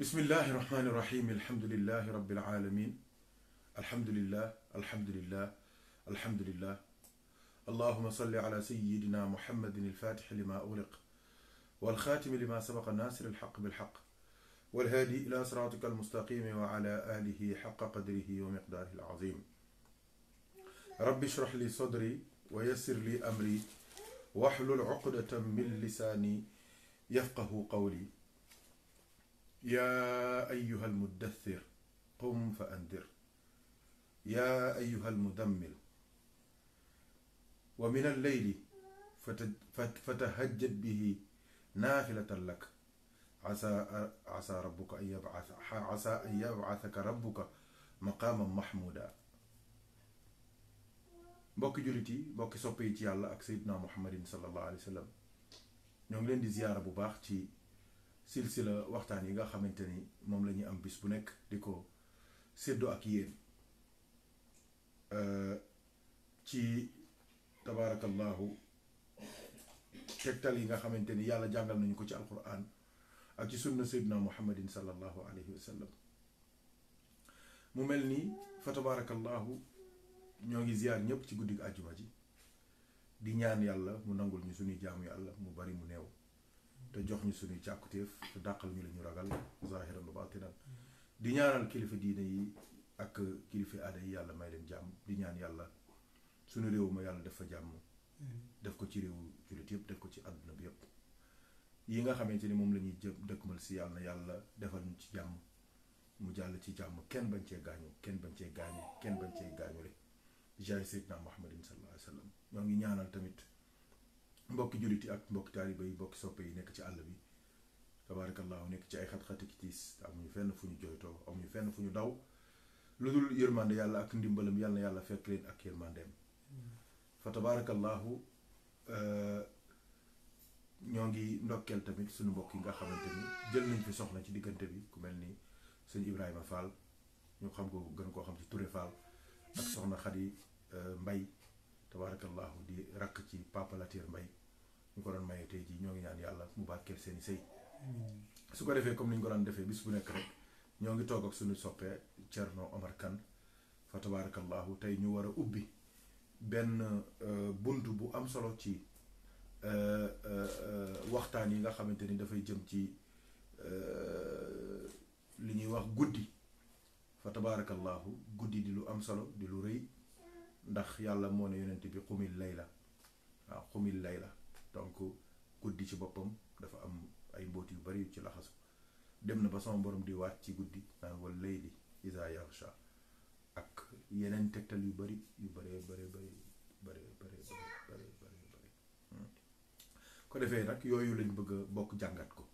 بسم الله الرحمن الرحيم الحمد لله رب العالمين الحمد لله الحمد لله الحمد لله اللهم صل على سيدنا محمد الفاتح لما أغلق والخاتم لما سبق ناصر الحق بالحق والهادي إلى صراطك المستقيم وعلى آله حق قدره ومقداره العظيم رب اشرح لي صدري ويسر لي أمري واحلل عقدة من لساني يفقه قولي يا أيها المدثر قم فأنذر يا أيها المدمل ومن الليل فتهجد به نافلة لك عسى, عسى ربك أن يبعث عسى أن يبعثك ربك مقاما محمودا بوك جوليتي بوك سوبيتي الله أك سيدنا محمد صلى الله عليه وسلم نيوغ لين دي زياره بو باخ silsila waxtaan yi nga xamante ni moom la ñuy am bis bu nekk di ko séddoo ak yéen euh, ci tabaarakallahu tegtal yi nga xamante ni yàlla jàngal nañu ko ci alquran ak ci sunna sayyidina muhammadin sallallahu alayhi wa sallam mu mel nii fa tabaarakallahu ñoo ngi ziyaar ñëpp ci guddi àjjuma ji di ñaan yàlla mu nangul ñu suñuy jaamu yàlla mu bari mu néew te jox ñu suñuy càkkutéef te dàqal ñu la ñu ragal lu wa batinan di ñaanal kilifa diine yi ak kilifa aada yi yàlla may leen jàmm di ñaan yàlla suñu réew ma yàlla def fa jàmm def ko ci réewu jullit yëpp def ko ci àdduna bi yëpp yi nga xamante ni moom la ñuy jëm dëkkmal si yàlla yàlla defal ñu ci jàmm mu jàll ci jàmm kenn bañ cee gaañu kenn bañ cee gaañu kenn bañ cee gaañu le jaay seydina muhammadin sallallahu alayhi ñoo ngi ñaanal tamit mbokki juliti ak mbokki taliba yi mbokki soppe yi nek ci all bi Tabarakallah, nek ci ay xat-xati ki tis te amuñu fenn fuñu joyto jooytoo amuñu fenn fuñu daw ludul yermande yalla ak ndimbalam yalla yalla yàlla fekk leen ak yërmandeem fa tabaarakallaahu eh, ñoo ngi ndokkel tamit suñu mbokk yi nga xamanteni jël nañ fi soxla ci digënté bi ku melni ni Ibrahima Fall ñu xam ko gën ko xam ci Touré Fall ak soxna Xadi eh, Mbay tabarakallah di rak ci Papa Latir Mbay ñu ko jii ñoo ngi ñaan yàlla mu barkeel seen i sëy su ko defee comme ni ñu ko doon defee bis bu nekk rek ñoo ngi toog ak suñu soppee Thierno Omar Kane fa tabarakallahu tey ñu war a ubbi benn euh, bunt bu am solo ci euh, euh, waxtaan yi nga xamante ni dafay jëm ci li ñuy wax guddi fa tabarakallahu guddi di lu am solo di lu rëy ndax yàlla moo ne yonent bi xumil layla waaw xumil layla donc guddi ci boppam dafa am ay mbóot yu bari yu ci laxasu dem na ba sama borom di waat ci guddi naan wal layli iza yaghsha ak yeneen tegtal yu bari yu bëree bare bëri bare bare bare bare bëri hmm. ko defee nag yooyu lañ bëgg a bokk jàngat ko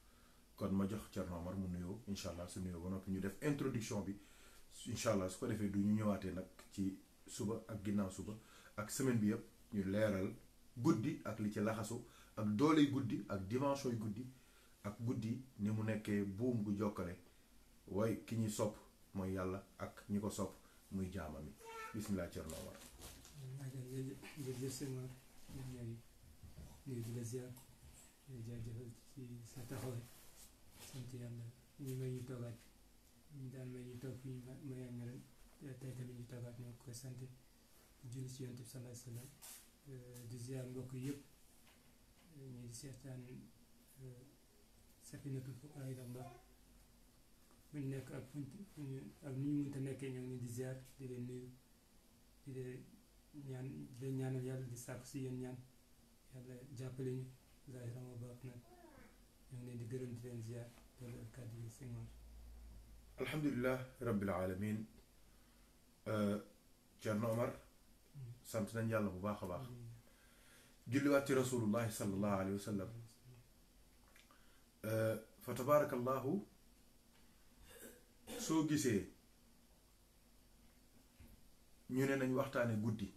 kon ma jox Thierno Omar mu nuyoo incha allah su nuyoo ba noppi ñu def introduction bi incha allah su ko defee du ñu ñëwaatee nag ci suba ak ginnaaw suba ak semaine bi yëpp ñu leeral guddi ak li ci laxasu ak dooley guddi ak dimension yu guddi ak guddi ni mu nekkee buum gu jokkale waaye ki ñuy sopp mooy yàlla ak ñi ko sopp muy jaamami bismillah cër noo war jërëjëf sëñ Mar ñoom ñooy nuyu di la ziar ñu jaajëfal ci sa taxawaay sant yàlla ñu may ñu toogaat ñu daan may ñu toog fii mayaa nga ren tey tamit ñu toogaat ñoo جزيان وكيب نيسيتان سفينة الفقراء إلى الله منك أبنت أبني منتنكين يعني دزار دلني دل ñaan di ñaanal yàlla di sàkku si yéen ñaan yàlla jàppale ñu zaahira ma baatina ñu ngi leen di gërëm di leen ziar loolu ak kàddu yi singor alhamdulilah rabbil alamin Thierno Omar sant nañ yàlla bu baax a baax julliwaat ci rasulullahi sallallahu alayhi wa sallam euh, fa tabaarakallahu soo gisee ñu ne nañ waxtaane guddi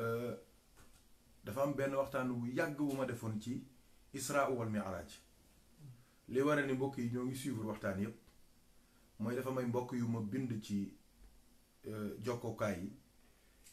euh, dafa am benn waxtaan wu yàgg wu ma defoon ci isra wal mi'raj li war ni mbokk yi ñoo ngi suivre waxtaan yépp mooy dafa may mbokk yu ma bind ci euh, jokkookaay yi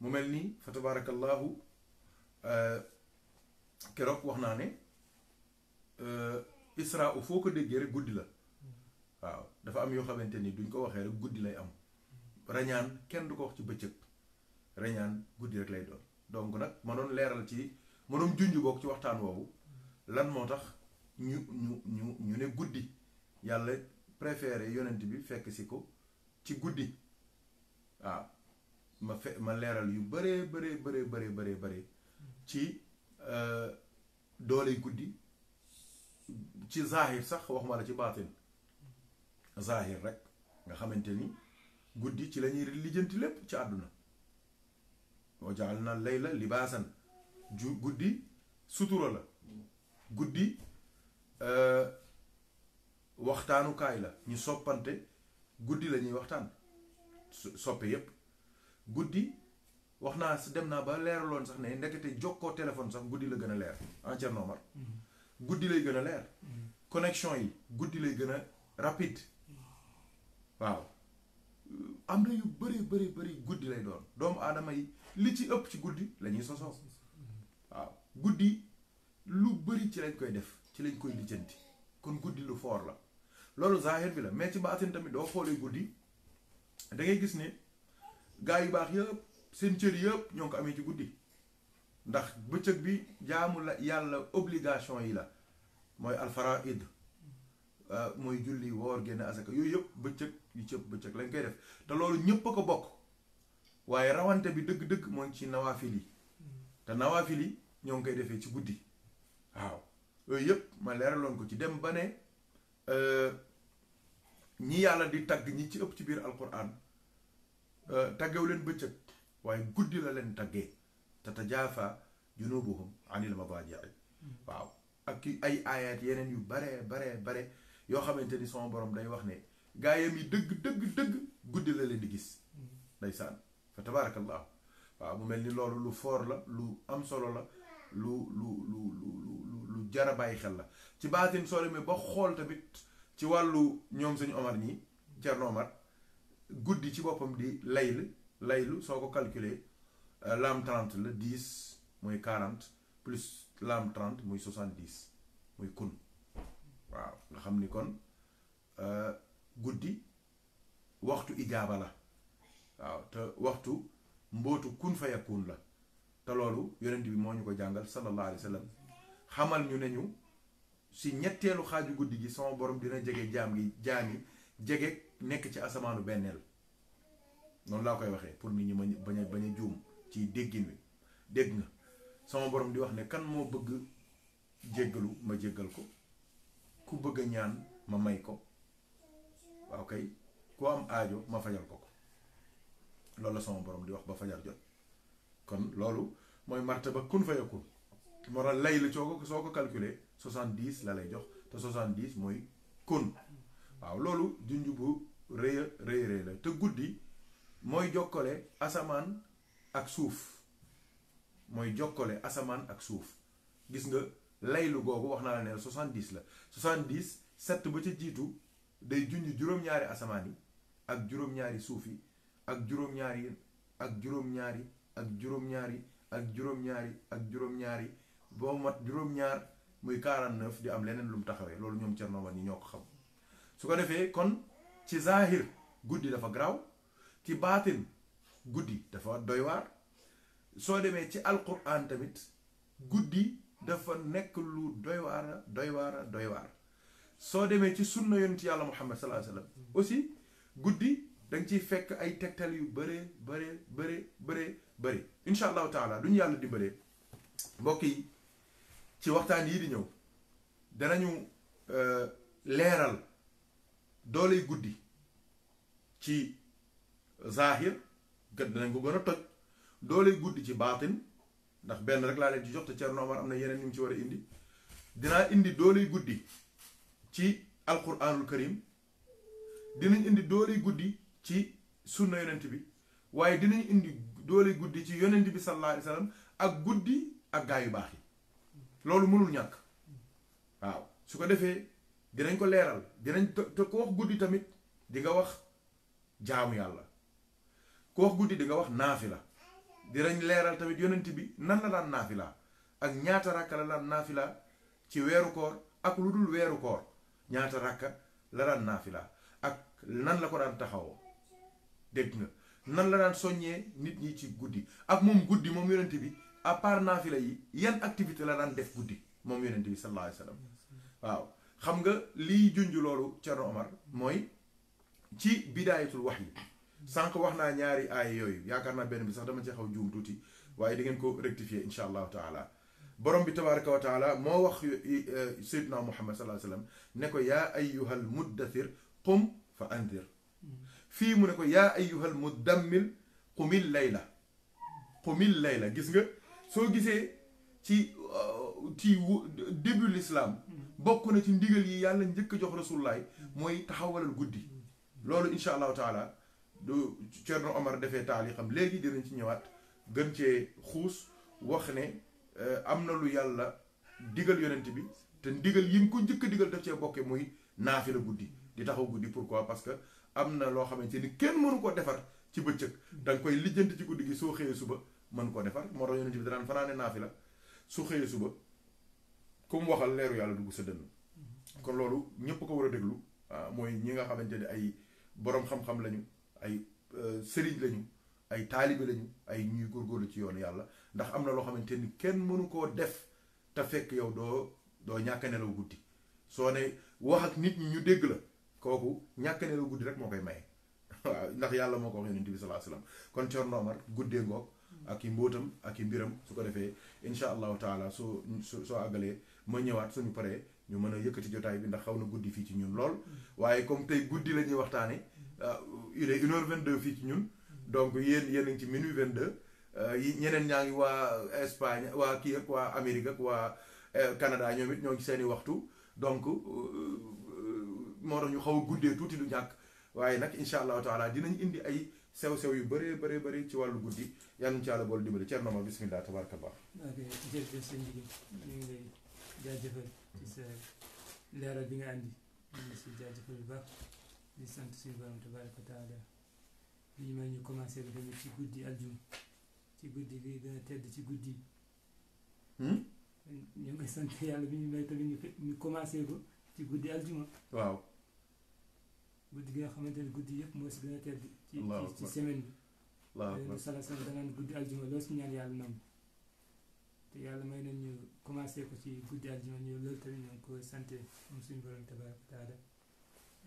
mu mel ni fa tabarakallahu euh, keroog wax naa ne euh, isra foo ko déggee rek guddi la waaw dafa am yoo xamante ni duñ ko waxee rek guddi lay am rañaan kenn du ko wax ci bëccëg rañaan guddi rek lay doon donc nag ma doon leeral ci ma doon junj ci waxtaan woowu lan moo tax ñu ñu ñu ñu ne guddi yàlla préféré yonent bi fekk si ko ci guddi waaw ma fe ma leeral yu bëree bëree bëree bëree bëree bëri ci euh, dooley guddi ci zahir sax waxuma la ci baatin zahir rek nga xamante ni guddi ci lañuy lijjanti lépp ci àdduna moo jaal na layla libaasan ju guddi sutura la guddi euh, waxtaanukaay la ñu soppante guddi la ñuy waxtaan soppe yépp guddi wax naa si dem naa ba leeraloon sax ne ndekete jokkoo téléphone sax guddi la gën a leer en Thierno mm-hmm. guddi lay gën a leer mm-hmm. connexion yi guddi lay gën a rapid mm-hmm. waaw am na yu bëri bëri bëri guddi lay doon doomu aadama yi li ci ëpp ci guddi la ñuy sosoo waaw guddi lu bëri ci lañ koy def ci lañ koy lijjanti kon guddi lu foor la loolu zahir bi la mais ci baatin tamit doo xoolee guddi da gis ne gaay bax baax yëpp seen cër yëpp ñoo ko amé ci guddi ndax beccëk bi jaamu la yalla obligation yi la faraid euh ah, moy julli wor gene asaka yoy yëpp beccëk yu ci beccëk lañ koy def té loolu ñepp ko bok waye rawante bi deug dëgg mooy ci nawaafil yi te nawaafil yi ñoo ngi koy défé ci guddi waaw yoy yëpp ma leeraloon ko ci dem bané euh ñi yalla di tag ñi ci ëpp ci biir alquran Euh, tàggewu leen bëccëg waaye guddi la leen tàggee tatajaafa junubuhum anil madaaji'i waaw ak ay aayaat yeneen yu bare baree bare yoo xamante ni sama borom day wax ne gaayam yi dëgg dëgg dëgg guddi la leen di gis ndeysaan fa tabaarakallaahu waaw mu mel ni loolu lu foor la lu am solo la lu lu lu lu lu jara bàyyi xel la ci baatin soo demee ba xool tamit ci wàllu ñoom suñu Omar ñii Thierno Omar guddi ci boppam di layl laylu soo ko calculer euh, laam 30 la 10 mooy 40 plus laam 30 muy 70 muy kun waaw nga xam ni kon euh, guddi waxtu ijaaba la waaw te waxtu mbootu kun fa yakun la te loolu yonent bi moo ñu ko jàngal sallallahu alayhi wa xamal ñu ne ñu si ñetteelu xaaju guddi gi sama borom dina jege jaam gi jaam jege nekk ci asamaanu benneel noonu laa koy waxee pour nit ñi ma bañ a bañ a juum ci déggin wi dégg na sama boroom di wax ne kan moo bëgg jéggalu ma jéggal ko ku bëgg a ñaan ma may ko waaw kay ku am aajo ma fajal ko ko loolu la sama borom di wax ba fajar jot kon loolu mooy martaba kun fayakun moo tax lay la soo ko soo ko calculer soixante-dix la lay jox te soixante-dix mooy kun waaw loolu junj bu rëy a rëy la te guddi mooy jokkale asamaan ak suuf mooy jokkale asamaan ak suuf gis nga laylu googu wax naa la ne soixante-dix la soixante-dix sept ba ca jiitu day junj juróom-ñaari asamaan yi ak juróom-ñaari suuf yi ak juróom-ñaari ak juróom-ñaari ak juróom-ñaari ak juróom-ñaari ak juróom-ñaari boo mat juróom-ñaar muy 49 di am leneen lu mu taxawee loolu ñoom Thierno Wane ñi ñoo ko xam su ko defee kon. ci zaahir guddi dafa graw ci baatin guddi dafa doy soo demee ci alquran tamit guddi dafa nekk lu doy waara doy waara doy soo demee ci sunna yonent yàlla muhammad sallallahu alayhi aussi guddi da nga ciy fekk ay tegtal yu bëree bëree bëree bëree bëri incha allahu taala duñu yàlla dimbalee mbokk yi ci waxtaan yii di ñëw danañu euh, leeral dooley guddi ci zahir gën dinañ ko gën a toj dooley guddi ci baatin ndax benn rek laa leen ci jox te Thierno Omar am na yeneen ñu mu ci war a indi dinaa indi dooley guddi ci alquranul dinañ indi dooley guddi ci sunna yonent bi waaye dinañ indi dooley guddi ci yonent bi sallallahu alayhi ak guddi ak gaa yu baax yi loolu mënul ñàkk waaw su ko defee dinañ ko leeral dinañ te ku wax guddi tamit di nga wax jaamu yàlla ku wax guddi di nga wax naafila dinañ leeral tamit yonent bi nan la daan naafila ak ñaata rakka la daan naafila ci weeru koor ak lu dul weeru koor ñaata rakka la naafila ak nan la ko daan taxawoo dégg na nan la daan soññee nit ñi ci guddi ak moom guddi moom yonent bi à part naafila yi yan activité la daan def guddi moom yonent bi sallallahu alayhi waaw xam nga liy junj loolu Thierno Omar mooy ci bidaayatul wax yi sànq wax naa ñaari aay yooyu yaakaar naa benn bi sax dama ci xaw juum tuuti waaye di ngeen ko rectifier incha allahu taala borom bi tabaraka wa taala moo wax eh, sayyidna muhammad sallallahu alayhi ne ko yaa ayyuhal muddathir qum fa andir fii mu ne ko yaa ayyuhal muddammil qumil layla qumil layla gis nga soo gisee ci eh, ci début lislaam bokk na ci ndigal yi yàlla njëkk a jox rasulullaay mooy taxawalal guddi loolu incha allahu taala du Thierno Omar defee taal yi xam léegi dinañ ci ñëwaat gën cee xuus wax ne eh, am na lu yàlla digal yonent bi te ndigal yi mu ko njëkk a digal daf cee bokke muy naafila guddi di taxaw guddi pour pourquoi parce que am na loo xamante ni kenn mënu ko defar ci bëccëg da koy lijjanti ci guddi gi soo xëyee suba mën koo defar moo tax yonent bi danaan fanaane naafila su xëyee suba comme waxal leeru yàlla dugg sa dënn kon loolu ñëpp ko war a déglu ah, mooy ñi nga xamante ne ay boroom xam-xam lañu ay euh, sëriñ lañu ay taalibe lañu ay ñuy góorgóorlu ci yoonu yàlla ndax am na loo xamante ni kenn mënu koo def te fekk yow doo doo ñàkk nelaw guddi soo ne wax ak nit ñi ñu dégg la kooku ñàkk nelaw guddi rek moo koy maye waaw ndax yàlla moo ko wax yonent bi sallallahu alayhi wasallam kon Thierno Omar guddee ak i mbóotam ak i mbiram su ko defee incha allahu taala soo soo àggalee. ma ñëwaat suñu paree ñu mën a yëkkati jotaay bi ndax xaw na guddi fii ci ñun lool waaye comme tey guddi lañuy waxtaane euh, il est une heure fii ñun donc yéen yéen a ci minuit vingt deux euh, ñeneen ñaa ngi waa Espagne waa kii ak waa Amérique ak waa euh, Canada ñoom it ñoo ngi seen i waxtu donc moo tax ñu xaw a guddee tuuti lu ñàkk waaye nag incha allah taala dinañ indi ay sew-sew yu bare bëree bëri ci wàllu guddi yal nañu ci yàlla boole dimbali Thierno Omar bisimilah allah. ok jërëjëf sëñ bi ñu ngi jaajëfal ci sa leeral bi nga andi ñu ngi si jaajëfal bu baax di sant suñu borom tabaraka wa taala bi ñu may ñu commencé ko tamit ci guddi aljuma ci guddi bi dana tedd ci guddi hmm? ñu ngi sant yàlla bi ñu may tamit ñu commencé ko ci guddi aljuma waaw guddi gi nga xamante ne guddi yëpp moo si gën a tedd ci ci semaine bi waaw sallallahu alayhi wa sallam danaan guddi aljuma loo si ñaan yàlla nangu te yàlla may nañ ñu commencé ko ci guddi aljuma ñu loolu tamit ñu ngi ko sant moom suñu borom tabaaraka wa taala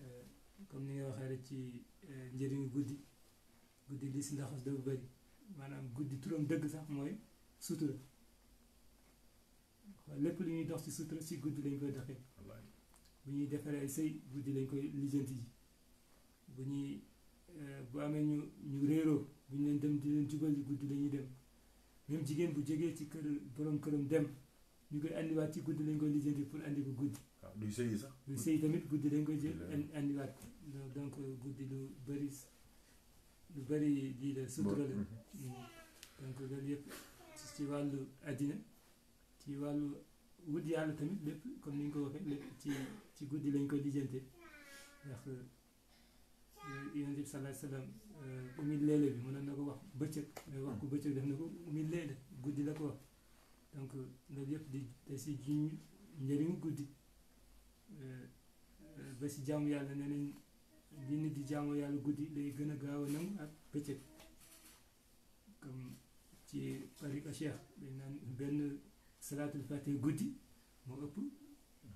euh, comme ni nga waxee rek ci euh, njëriñu guddi guddi li si ndaxas dafa bëri maanaam guddi turam dëgg sax mooy suut sutura lépp lu ñuy dox ci sutura si guddi lañ koy doxee bu ñuy defaree ay sëy guddi lañ koy lijjanti ji bu ñuy euh, bu amee ñu ñu réeroo bu ñu leen dem di leen jubal guddi lañuy dem même jigéen bu jegee ci kër borom këram dem ñu koy andiwaat ci guddi lañ koy lijjanti pour andi ko guddi. waaw ah, sax. luy sëy guddi lañ koy jël andiwaat donc guddi lu bëri lu bari lii la sutura la. Mm-hmm. donc loolu yëpp ci wàllu àddina ci wàllu wut yàlla tamit lépp comme ni nga ko waxee ci ci guddi lañ koy lijjante ndax euh, yonent bi sallallahu alayhi Euh, umit leele bi mënoon na ko wax bëccëg mais wax ko bëccëg def na ko umit leele guddi la ko wax donc euh, loolu yëpp di da si juñ njëriñ guddi euh, ba si jaamu yàlla nee li nit di jaamu yàlla guddi lay gën a gaaw a nangu ak bëccëg comme ci tariqa cheikh dañ naan benn salaatul fatih guddi moo ëpp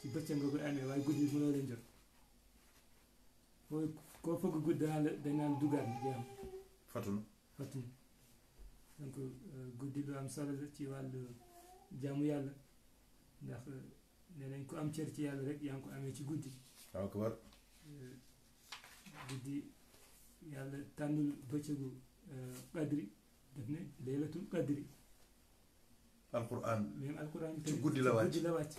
ci bëccëg nga koy amee waaye guddi mënoo leen jot foo koo fëgg guddi danaan la danaan duggaat bi jeexam fatun fatun donc euh, guddi lu am solo ci wàllu jaamu yàlla ndax euh, nee nañ ko am cër ci yàlla rek yaa ngi ko amee ci guddi waaw ko euh, yàlla tànnul bëccëgu qadri def ne laylatul qadri alquran même alquran ci guddi la wàcc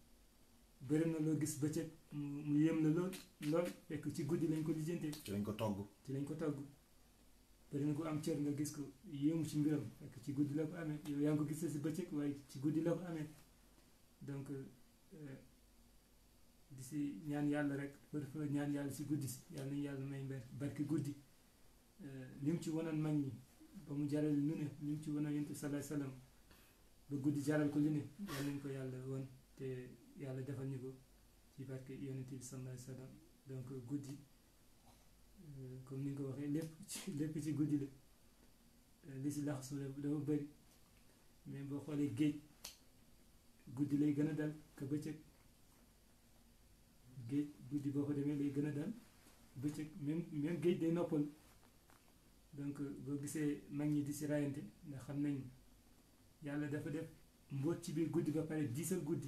bëri na loo gis bëccëg mu yéem la lool lool fekk ci guddi lañ ko lijjantee. ci lañ ko togg. ci lañ ko togg bëri na ko am cër nga gis ko yéemu ci mbiram fekk ci guddi la ko amee yaa ngi ko gisee si bëccëg ci guddi la ko donc euh, di si ñaan yàlla rek dafa ñaan yàlla si guddi si yàlla nañu yàlla may mber barki guddi euh, li mu ci wanoon mag ñi ba mu jaral lu ne li ci wanoon yonent salaay salaam ba guddi jaral ko lu ne yàlla nañ ko yàlla woon yàlla defal ñu ko ci barke yonent bi sallallahu alayhi wa donc guddi euh, comme ni nga ko waxee lépp ci lépp ci guddi la euh, li si laxasu la dafa bëri mais boo xoolee géej guddi lay gën a dal ka bëccëg géej guddi boo ko demee lay gën a dal bëccëg même même géej day noppal donc boo gisee mag ñi di si rayante ndax xam nañ yàlla dafa def mbóot ci biir guddi ba pare diisal guddi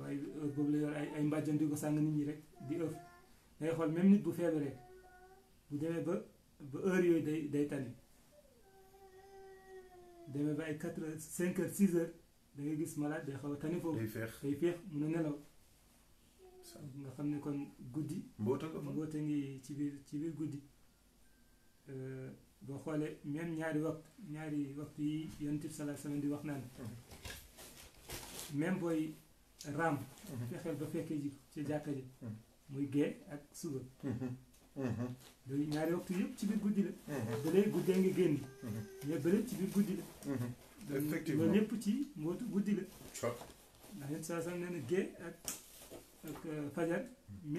waaye heure boobu la yor ay ay di ko sàng nit ñi rek di ëf day xool même nit bu feebaree bu demee ba ba heure yooyu day day tane demee ba ay quatre heures cinq heures six heures da ngay gis malade day xaw a tane foofu. day feex day feex mun a nelaw. nga xam ne kon guddi. mboota nga fa ngi ci biir ci biir guddi. Euh, boo xoolee même ñaari waxtu ñaari waxtu yi yonent bi sallallahu alayhi di wax naan mhm. même booy. raam mhm. fexeel ba fekkee ji ci jàkka ji mhm. muy gee ak suba mhm. yooyu ñaari waxtu yëpp ci biir guddi la bële guddee nga génn mais bële ci biir guddi la effectivement loolu yëpp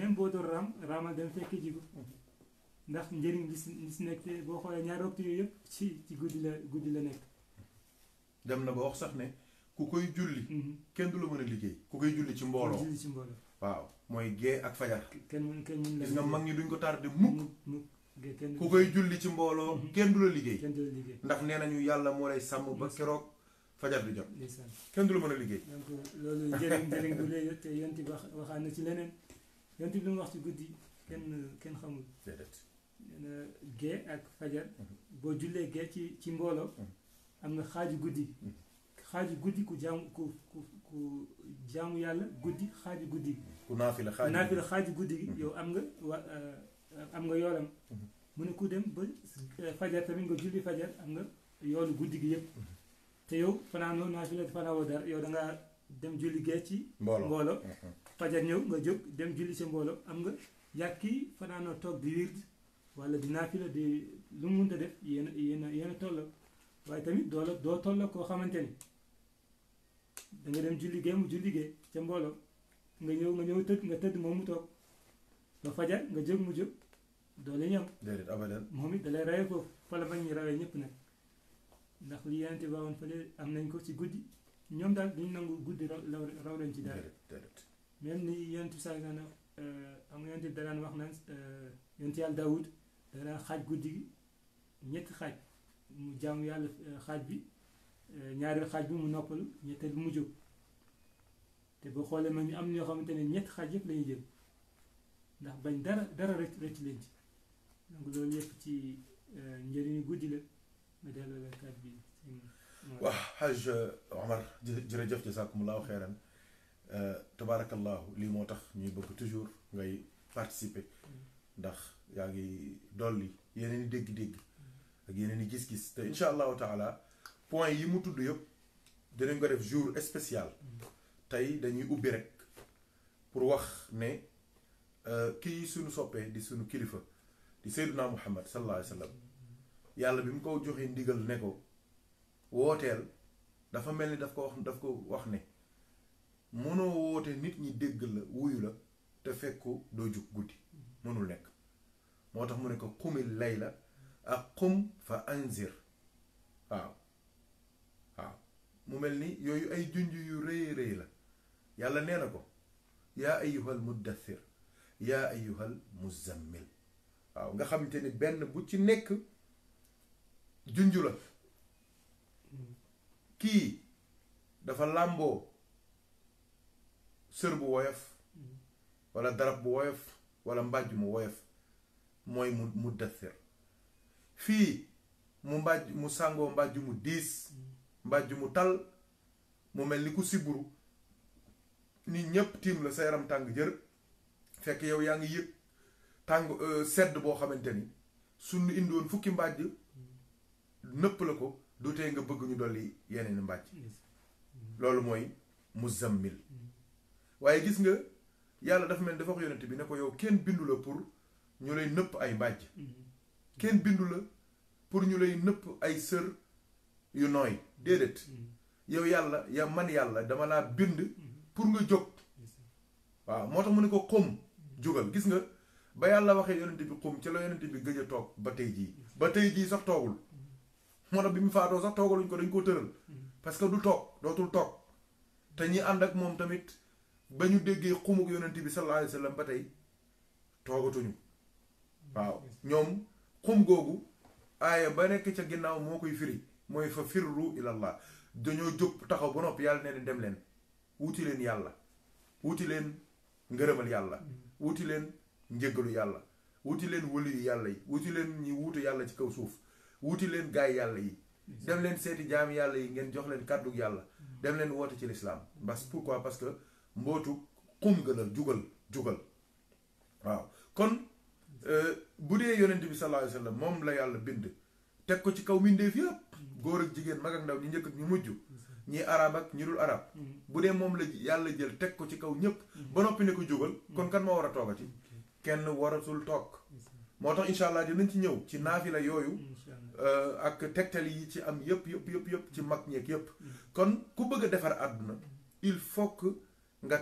euh, boo doon raam raamal ndax njëriñ si nekk boo xoolee ñaari waxtu yooyu yëpp ci ci guddi guddi la na ba wax sax ne ku koy julli. Mhm. kenn du la mën a liggéey. ku koy julli ci mbooloo waaw mooy gée ak fajar. kenn gis nga mag ñi duñ ko tardé mukk. ku koy julli ci mbooloo. Mhm. kenn du la liggéey. ndax nee nañu yàlla moo lay sàmm ba keroog fajar du jot. kenn du la mën a liggéey. donc loolu njëriñ njëriñ bu lay te yonent bi wax waxaan na ci leneen yonent bi mu wax ci guddi kenn kenn xamul. gée ak fajar. Mhm. boo jullee gée ci ci mbooloo. am nga xaaju guddi. xaaju guddi ku jaamu ku ku ku jaamu yàlla guddi xaaju guddi ku naafila xaaju guddi naafila guddi mhm. yow am nga wa euh, am nga yoolam. Mhm. mu ne ku dem ba euh, fajar tamit nga julli fajar am nga yoolu guddi gi yëpp. Mhm. te yow fanaanoo naafila fanaawoo dara yow da dem julli gee ci. mboolo mboolo. fajar ñëw nga jóg dem julli sa mboolo am nga yàq kii fanaanoo toog di wird wala di naafila di lu mu mënta def yéen a yéen yéen a tolloo waaye tamit doo la koo xamante ni. da nga dem julli gee mu julli gee ca mbooloo nga ñëw nga ñëw tëdd nga tëdd moom mu toog nga fajar nga jóg mu jóg doole ñam moom it dalay rawee foofu fa la ñu rawee ñëpp nag ndax li yenente baawoon fële am nañ ko ci guddi ñoom daal duñ nangu guddi raw lañ ci daal même ni yenent bi sax naan euh, am nga yenent bi danaan wax naan euh, yenent yàlla daawud xaaj guddi gi ñetti xaaj mu jaamu yàlla euh, xaaj bi ñaareel xaj bu mu noppalu ñetteel bi mu jóg te boo xoolee ma ñu am ñoo xamante ne ñett xaj yëpp lañuy jël ndax bañ dara dara rëcc rëcc leen ci donc loolu yëpp ci njëriñu guddi la ma delloo la kàddu bi waaw xaj Omar jërëjëf jazakumullahu xeeran tabaarakallahu lii moo tax ñuy bëgg toujours ngay participer ndax yaa ngi dolli yeneen i dégg-dégg ak yeneen i gis-gis te incha allahu taala point yi mu tudd yëpp dinañ ko def jour espécial tey dañuy ubbi rek pour wax ne euh, kii suñu soppee di suñu kilifa di Seydina Muhammad sallallahu alayhi yàlla bi mu ko joxee ndigal ne ko wooteel dafa mel ni daf ko wax daf ko wax ne mënoo woote nit ñi dégg la wuyu la te fekku doo jug guddi mënul nekk moo tax mu ne ko xumil lay la ak xum fa anzir waaw mu mel ni yooyu ay junj yu rëy rëy la yàlla nee na ko yaa ayyuhal muddathir yaa ayyuhal muzammil waaw nga xamante ni benn bu ci nekk junj la kii dafa làmboo sër bu woyof wala darab bu woyof wala mbàjj mu woyof mooy mu muddathir fii mu mbàjj mu sàngoo mbàjj mu diis mbàjj mu tal mu mel ni ku siburu nit ñépp tiim la sa yaram tàng jër fekk yow yaa ngi yëg tàng euh, sedd boo xamante ni suñu indoon fukki mbàjj nëpp la ko du tee nga bëgg ñu dolli yeneen mbàjj loolu mooy muzammil waaye gis nga yàlla dafa mel dafa wax bi ne ko yow kenn bindu la pour ñu lay nëpp ay mbàjj mm-hmm. kenn bindu la pour ñu lay nëpp ay sër yu nooy déedéet mm. yow yàlla ya man yàlla dama laa bind mm-hmm. pour nga jóg waaw moo tax mu ne ko xum mm-hmm. jógal gis nga ba yàlla waxee yonente bi xum ci la yonente bi gëj a toog ba tey jii ba tey jii sax toogul mm-hmm. moo tax bi mu faatoo sax toogaluñ ko dañ koo tëral parce que du toog dootul toog te ñi ànd ak moom tamit ba ñu déggee xumuk yonente bi sallallahu alayhi wa ba tey toogatuñu waaw ñoom xum googu aaya ba nekk ca ginnaaw moo koy firi mooy fa firru ilallah dañoo jóg taxaw ba noppi yàlla ne leen dem leen wuti leen yàlla wuti leen ngërëmal yàlla wuti leen njëggalu yàlla wuti leen wëli yu yàlla yi wuti leen ñi wuutu yàlla ci kaw suuf wuti leen gaay yàlla yi dem leen seeti jaam yàlla yi ngeen jox leen kàddu yàlla dem leen woote ci lislaam parce pourquoi parce que mbootu xum ga la jugal jugal waaw kon euh, bu dee yonent bi sallallahu alayhi wa moom la yàlla bind teg ko ci kaw mbindeef yëpp góor ak jigéen mag ak ndaw ñu njëkk ak ñu mujj ñii arab ak ñi dul arab mm-hmm. bu dee moom la yàlla jël teg ko ci kaw ñépp mm-hmm. ba noppi ne ko jógal kon mm-hmm. kan moo war a toogati kenn waratul toog moo tax incha allah nañ ci ñëw ci naafila yooyu euh, ak tegtal yi ci am yëpp yëpp yëpp yëpp ci mag ñeeg yëpp kon ku bëgg a defar àdduna il faut que nga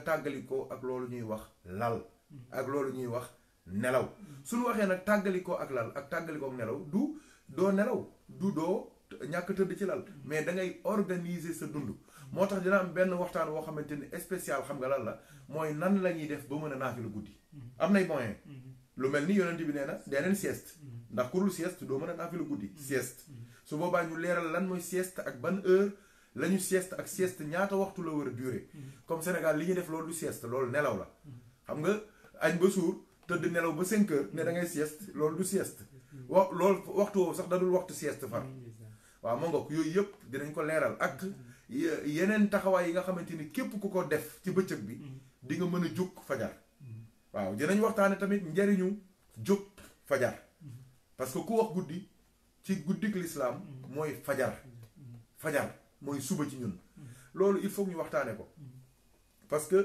ko ak loolu ñuy wax lal ak loolu ñuy wax nelaw su suñu waxee nag tàggalikoo ak lal ak tàggalikoo ak nelaw du doo nelaw ñàkk tëdd ci lal mais da ngay organiser sa dund moo tax dina am benn waxtaan woo xamante ni spécial xam nga lan la mooy nan la ñuy def ba mën a naafilu guddi am nay moyen lu mel ni yonent bi nee na dee leen sieste ndax ku dul sieste doo mën a naafilu guddi sieste su boobaa ñu leeral lan mooy sieste ak ban heure la ñu sieste ak sieste ñaata waxtu la war a durer comme Sénégal li ñuy def loolu du sieste loolu nelaw la xam nga añ ba suur tëdd nelaw ba cinq ne da ngay sieste loolu du sieste wa loolu waxtu woowu sax da waxtu sieste waaw moo ngoog yooyu yëpp dinañ ko leeral ak yeneen taxawaay yi nga xamante ni képp ku ko def ci bëccëg bi di nga mën a jóg fajar waaw dinañ waxtaane tamit njariñu jóg fajar parce que ku wax guddi ci guddik lislaam mooy fajar fajar mooy suba ci ñun loolu il faut ñu waxtaane ko parce que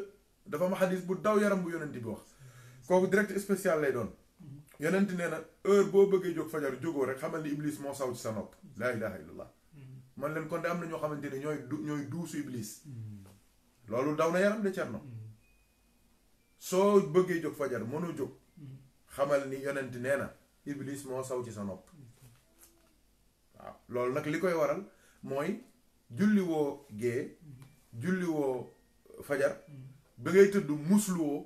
dafa ma xadis bu daw yaram bu yonent bi wax kooku direct spécial lay doon yonent nee na heure boo bëggee jóg fajar jógoo rek xamal ni iblis moo saw ci sa nopp laa ilaha illallah mm-hmm. man leen kon de am na ñoo xamante ne ñooy du ñooy duusu iblis mm-hmm. loolu daw na yaram de cerno mm-hmm. soo bëggee jóg fajar mënoo jóg xamal ni yonent nee na iblis moo saw ci sa nopp waaw loolu nag li koy waral mooy julliwoo gée julliwoo fajar ba tëdd musluwoo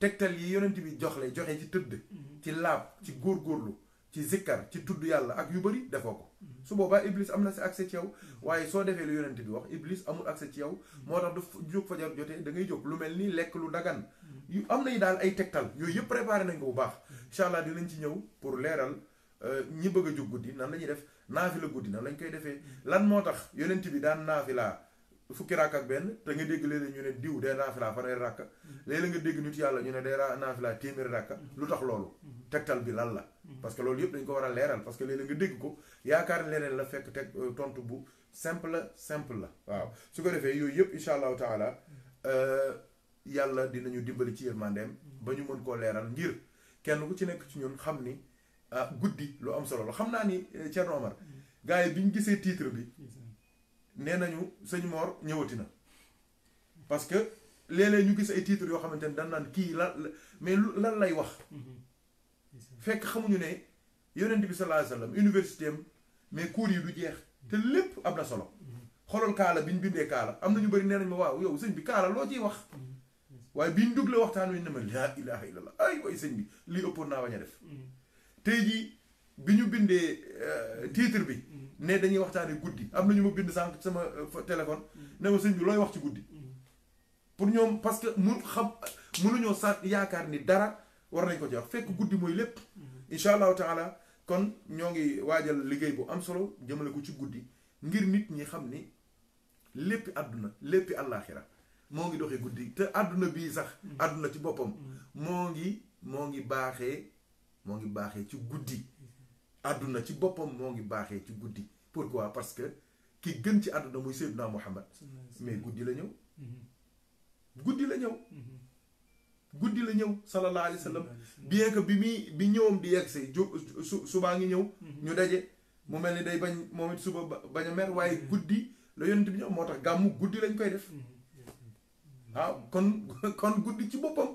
tegtal yi yonent bi jox lay joxe ci tëdd ci laab ci góor góorlu ci zikkar ci tudd yàlla ak yu bëri defoo ko su boobaa iblis am na si accès ci yow waaye soo defee lu yonent bi wax iblis amul accès ci yow moo tax du jóg fajar jotee da ngay jóg lu mel ni lekk lu dagan yu am nañu daal ay tegtal yooyu yëpp préparé nañ ko bu baax incha allah dinañ ci ñëw pour leeral euh, ñi bëgg a jóg guddi nan la ñuy def naafi la guddi nan lañ koy defee lan moo tax yonent bi daan naafi laa fukki rakk ak benn te nga dégg léeg-léeg ñu ne diw day naafila fanweeri rakk léeg-léeg nga dégg nit yàlla ñu ne day naafila téeméeri rakk lu tax loolu tegtal bi lan la parce que loolu yëpp dañ ko war a leeral parce que léeg-léeg nga dégg ko yaakaar leneen la fekk teg euh, tontu bu simple la la waaw su ko defee yooyu yëpp incha allahu taala euh, yàlla dinañu dimbali ci yërmandeem ba ñu mën koo leeral ngir kenn ku ci nekk ci ñun xam ni ah, guddi lu solo xam naa ni euh, Thierno Omar mm. nee nañu sëñ Mor ñëwatina na parce que léeg ñu gis ay titres yoo xamante ne dañ naan kii la mais lan lay wax. Mhm. fekk xamuñu ne yonent bi sallallahu alayhi wasallam université am mais cours yi du jeex te lépp am na solo. Mhm. xoolal kaala bi ñu bindee kaala am na ñu bëri nee nañ ma waaw yow sëñ bi kaala loo ciy wax mhm. waaye bi ñu dugle waxtaan wi ne ma laa ilaha illallah ay way sëñ bi lii ëppoon naa bañ a def. tey jii bi ñu bindee euh, tiitre bi. ne dañuy waxtaane guddi am na ñu ma bind sànq sama euh, téléphone mm. ne ma sëñ bi looy wax ci guddi mm. pour ñoom parce que mun xam mënuñoo sa yaakaar ni dara war nañ ko ci wax fekk guddi mooy lépp mm. allah allahu taala kon ñoo ngi waajal liggéey bu am solo jëmale ko ci guddi ngir nit ñi xam ni léppi àdduna léppi àllaaxira moo ngi doxee guddi te àdduna bii sax àdduna ci boppam moo ngi moo ngi baaxee moo ngi baaxee ci guddi àdduna ci boppam moo ngi baaxee ci guddi pour pourquoi parce que ki gën ci àdduna muy Seydina Muhammad mais guddi la ñëw mm-hmm. guddi la ñëw mm-hmm. guddi la ñëw sallallahu alayhi wa sallam bien que bi muy bi ñëwam di yegg see su su subaa ngi ñëw mm-hmm. ñu daje mu mel ni day bañ moom it suba bañ a waaye guddi la yonent bi ñëw moo tax gàmmu guddi lañ koy def waaw kon kon guddi ci boppam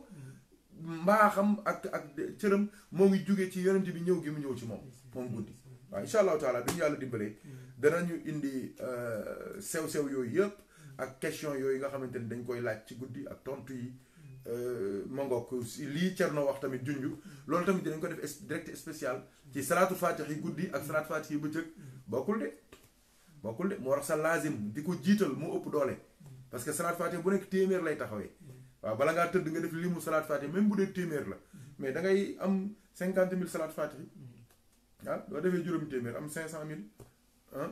mbaaxam ak ak cëram moo ngi jóge ci yonent bi ñëw gi mu ñëw ci moom moom guddi waaw incha allahu taala bi ñu yàlla dimbalee danañu indi euh, sew-sew yooyu yëpp ak question yooyu nga xamante ni dañ koy laaj ci guddi ak tontu yi euh, mangook si lii Thierno wax tamit junju loolu tamit dinañ ko def direct spécial ci salaatu faatix yi guddi ak salaatul faatix yi bëccëg bokkul de bokkul de moo wax sa laazim di ko jiital moo ëpp doole parce que salaat faatix bu nekk téeméer lay taxawee waaw bala ngaa tëdd nga def limu salaatul faatix même bu dee téeméer la mais da ngay ah doo defee juróomi téeméer am cinq cent mille ah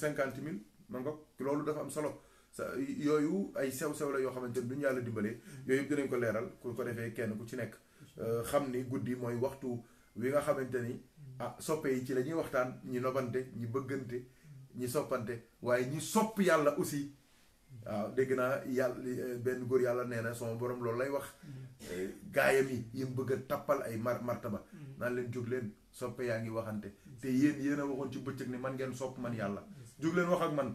cinquante mille ma nga loolu dafa am solo sa yooyu ay sew-sew la yoo xamante ni du ñu yàlla dimbalee mm-hmm. yooyu yëpp dinañ ko leeral ku ko defee kenn ku ci nekk mm-hmm. euh, xam ni guddi mooy waxtu wi nga xamante ni mm-hmm. ah soppe yi ci lañuy ñuy waxtaan ñi nobante ñi bëggante ñi soppante waaye ñi sopp yàlla aussi waaw dégg naa yàlla euh, benn góor yàlla nee na sama boroom loolu lay wax euh, gaayam yi yi mu bëgg a tappal ay mar martaba naan leen soppe yaa ngi waxante te yéen yéen a waxoon ci bëccëg ni man ngeen sopp man yàlla jug leen wax ak man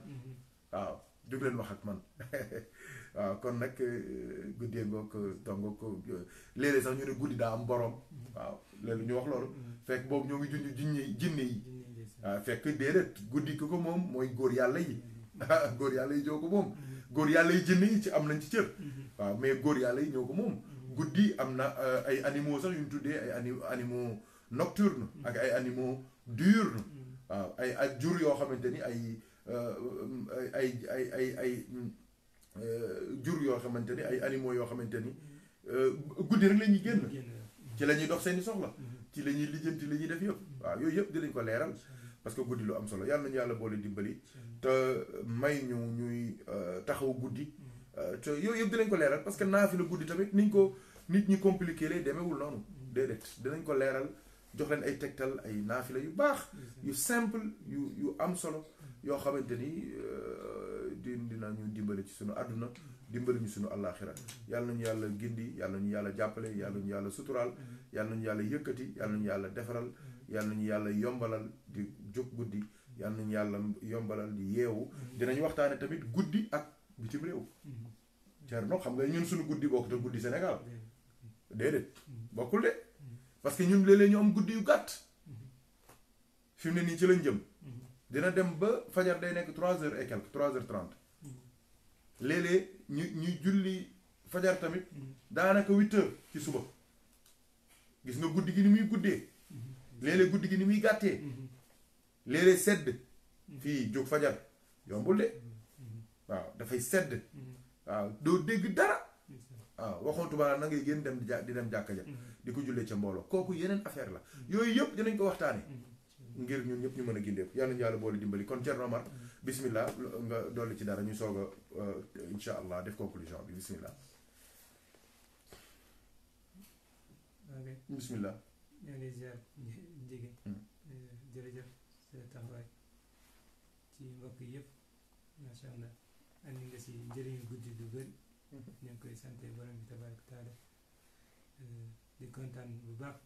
waaw jug leen wax ak man waaw kon nag euh, guddee ngoog dongo euh, ko euh, léeg-léeg sax ñu ne guddi daa am borom waaw léegi ñu wax loolu fekk boobu ñoo ngi junj jinne jinne yi waaw fekk déedéet guddi ko ko moom mooy góor yàlla yi góor yàlla yi joo ko moom góor yàlla yi jinne yi ci am nañ ci cër waaw mais góor yàlla yi ñoo ko moom guddi am na ay animaux sax yu ñu tuddee ay animaux nocturne ak ay animaux diurnes waaw ay ak jur yoo xamante ni ay euh, ay ay ay ay euh, jur yoo xamante ni ay animaux yoo xamante ni euh, guddi rek la ñuy génn ci la ñuy dox seeni soxla ci la ñuy lijjanti li ñuy def yëpp waaw yooyu yëpp dinañ ko leeral parce que guddi lu am solo yàlla nañu yàlla boole dimbali may ñu ñuy taxaw guddi te yooyu yëpp dinañ ko leeral parce que naafi la guddi tamit niñ ko nit ñi compliqué lay demeewul noonu déedéet dinañ ko leeral jox leen ay tegtal ay naafila yu baax mm-hmm. yu simple yu yu am solo mm-hmm. yoo xamante ni euh, di dina ñu dimbale ci sunu àdduna mm-hmm. dimbale ñu sunu àllaaxira yàlla ñu yàlla gindi yàlla ñu yàlla jàppale yàlla nañu yàlla suturaal yàlla nañu yàlla yëkkati yàlla nañu yàlla defaral yàlla ñu yàlla yombalal di jóg guddi yàlla ñu yàlla yombalal di yeewu dinañ waxtaane tamit guddi ak bitim réew Thierno xam nga ñun suñu guddi bokk te guddi Sénégal déedéet bokkul de parce que ñun léeg-léeg ñu am guddi yu gàtt fi ne nii ci lañ jëm dina dem ba fajar day nekk trois heures et quelque trois heures trente léeg ñu ñu julli fajar tamit daanaka huit heures ci suba gis nga guddi gi ni muy guddee léeg guddi gi ni muy gàttee léeg sedd fii jóg fajar yombul de waaw dafay sedd waaw doo dégg dara waaw waxoon tubaab na ngay génn dem di di dem jàkka ja mhm. di ko jullee ca mbooloo kooku yeneen affaire la yooyu yëpp dinañ ko waxtaane mhm. ngir ñun ñëpp ñu mën a gindeeku yal nañu yàlla boole dimbali kon Thierno Omar mhm. bismillah nga dolli ci dara ñu soog a euh, allah def conclusion bi bismillah bismillah ñoo ngi ziar jigéen hmm. euh, jërëjëf sa taxawaay ci njëriñu guddi du bëri ñu ngi koy sante borom bi tabaraka taala di kontaan eh, bu baax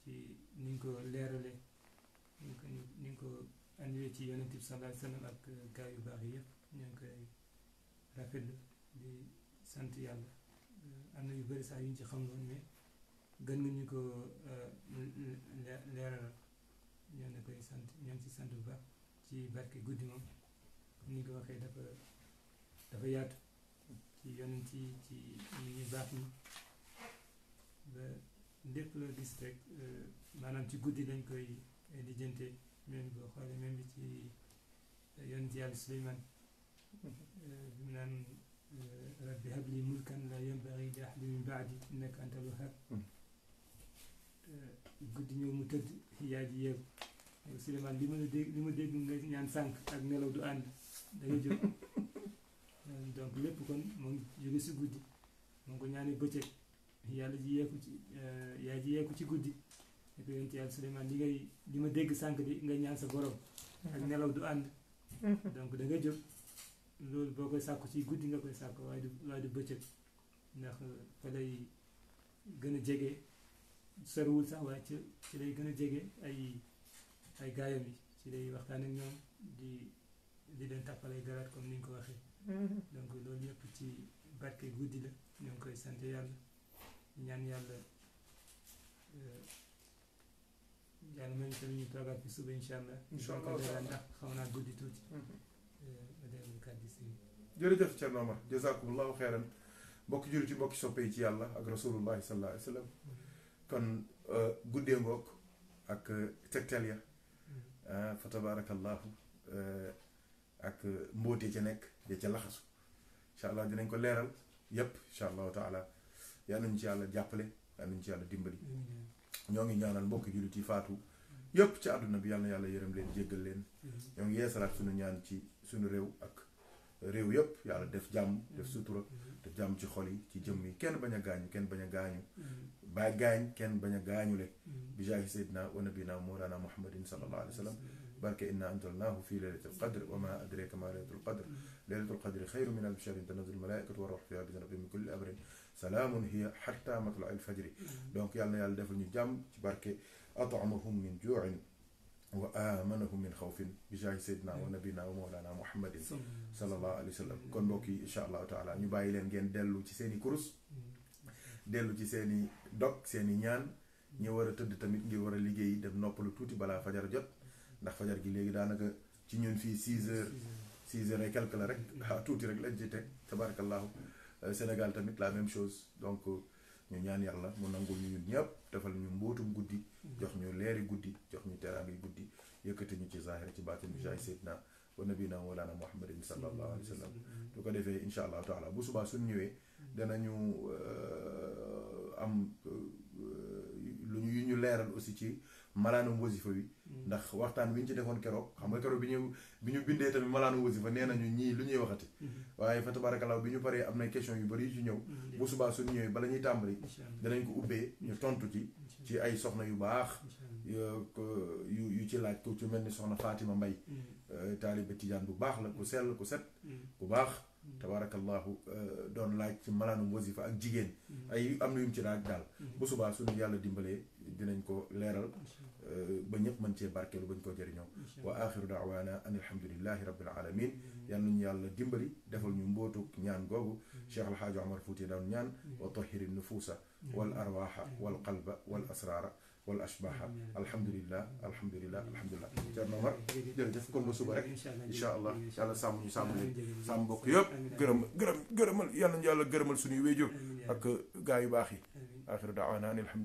ci ni ñu eh, ko leerale ni ko ni ko andiwee ci yonent bi sallallahu alayhi ak gaa yu baax yi yëpp ñu ngi koy rafetlu di sant yàlla am na yu bëri sax yuñ ñu ci xamoon mais gën nañu ñu ko leeralal ñoo ngi koy sant ñoo ngi ci sant bu baax ci barke guddi moom ni nga ko waxee dafa dafa yaatu ci yonent yi ci ñi ñu baax ñi ba lépp la gis rek maanaam ci guddi lañ koy lijjante même boo xoolee même bi ci yonent yàlla Suleymaan bi mu naan rabbi habli mulkan la yanbaghi li ahadin min ba'di innaka anta al-wahhab guddi ñëw mu tëdd yaay ji yeewu Suleymaan li ma la dégg li ma dégg nga ñaan sànq ak nelaw du ànd da nga jóg Euh, donc lépp kon mu ngi si guddi mu ko ñaani bëccëg yàlla ji yeeku ci euh, yaay ji yeeku ci guddi ak yonent yàlla Suleymaan ngay li ma dégg sànq di nga ñaan sa borom ak mhm. nelaw du ànd mhm. donc da nga jóg loolu boo koy sàkku guddi nga koy sàkku waaye du waaye du bëccëg ndax euh, fa lay gën a jege soriwul sax waaye ci lay gën a jege ay ay gaayam yi ci lay waxtaan ak ñoom di di leen tàppalay garaat comme ni ñu ko waxee donc loolu yëpp ci barke guddi la ñu ngi koy sant yàlla ñaan yàlla euh, yàlla may ñu tamit ñu toogaat fi suba incha allah. incha allah ndax xaw naa guddi tuuti. Mhm. Euh, ma dellu kàddu si. jërëjëf Thierno Omar jazakumullahu xeeran mbokki juri ci mbokki soppee ci yàlla ak rasulullahi sallallahu alayhi wa sallam mhm. kon euh, guddee ngoog ak tegtal ya mhm. fa tabarakallahu ak mbóotee ca nekk. de ca laxasu incha allah dinañ ko leeral yépp incha allahu taala yal nañu ci yàlla jàppale yal nañu ci yàlla dimbali ñoo ngi ñaanal mbokk jullit yi faatu yépp ci àdduna bi yàlla yàlla yërëm leen jéggal leen ñoo ngi yeesalaat suñu ñaan ci suñu réew ak réew yépp yàlla def jàmm def sutura def jàmm ci xol yi ci jëmm yi kenn bañ a gaañu kenn bañ a gaañu ba gaañ kenn bañ a gaañule bijaahi sayyidina naa nabina mawlana muhammadin sallallahu alayhi wa sallam بل كإنا أنزلناه في ليلة القدر وما أدريك ما ليلة القدر ليلة القدر خير من ألف شهر تنزل الملائكة والروح فيها بإذن ربهم من كل أمر سلام هي حتى مطلع الفجر دونك يالنا يال ديفل ني جام أطعمهم من جوع وآمنهم من خوف بجاه سيدنا نعم. ونبينا ومولانا محمد صلى الله عليه وسلم كون بوكي إن شاء الله تعالى ني باي لين ген دلو سي سيني كروس دلو سي سيني دوك سيني نيان ني ورا تود تاميت ngir ورا ليغي دم نوبلو توتي بلا فجر جوت ndax fajar gi léegi daanaka ci ñun fii six heures six heures et quelque la rek mm-hmm. ah tuuti rek lañ ci teg tabarakallahu euh, Sénégal tamit la même chose donc ñu ñaan yàlla mu nangul ñu ñun ñëpp defal ñu mbóotum guddi mm-hmm. jox ñu leeri guddi jox ñu teraangi guddi yëkkati ñu ci zaahir ci baatin bi mm-hmm. jaay seydna wa nabina walaana muhammadin sallallahu alayhi wa sallam du ko defee insha allahu taala bu subaa suñ ñëwee danañu euh, am euh, lu ñu yu ñu leeral aussi ci malaanum wasifa wi ndax waxtaan bi ñu ci defoon keroog xam nga keroog bi ñu bi ñu bindee tamit malaanu wasi fa nee nañu ñii lu ñuy waxati mhm. waaye fa tabaarakallaa bi ñu paree am na question yu bëri yu ci ñëw mhm, bu subaa suñu ñëwee bala ñuy tàmbali danañ ko ubbee ñu tontu ci ci ay soxna yu baax yu yu ci laaj ku ci mel ni soxna Fatima Mbay mhm. euh, taaliba tijaan bu baax la ku sell ku set ku baax tabaarakallaahu euh, doon laaj ci malaanum wasifa ak jigéen ay am na yum ci laaj daal bu subaa suñu yàlla dimbalee dinañ ko leeral ba ñëpp mën cee barkeelu bañ koo jëriñoo wa axiru daawaana an alhamdulilahi rabbil alamin yal nañu yàlla dimbali defal ñu mbootuk ñaan googu cheikh alxaaji omar fuuti daan ñaan wa tahiri nufuusa wal arwaha wal qalba wal asrara wal ashbaha alhamdulillah alhamdulillah alhamdulillah Thierno Omar jërëjëf kon ba suba rek incha allah yàlla sàmm ñu sàmm leen sàmm mbokk yëpp gërëm gërëm gërëmal yal nañu yàlla gërëmal suñuy wéjur ak yu yi alhamdulillah